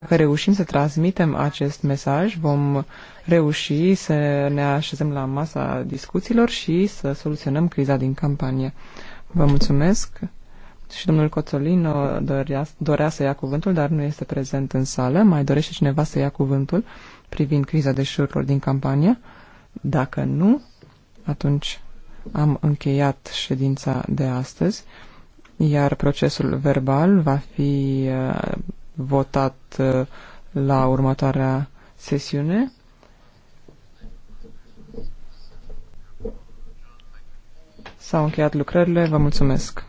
Dacă reușim să transmitem acest mesaj, vom reuși să ne așezăm la masa discuțiilor și să soluționăm criza din campanie. Vă mulțumesc și domnul Coțolin uh, dorea, dorea să ia cuvântul, dar nu este prezent în sală. Mai dorește cineva să ia cuvântul privind criza șururilor din campanie. Dacă nu, atunci am încheiat ședința de astăzi, iar procesul verbal va fi uh, votat uh, la următoarea sesiune. S-au încheiat lucrările. Vă mulțumesc!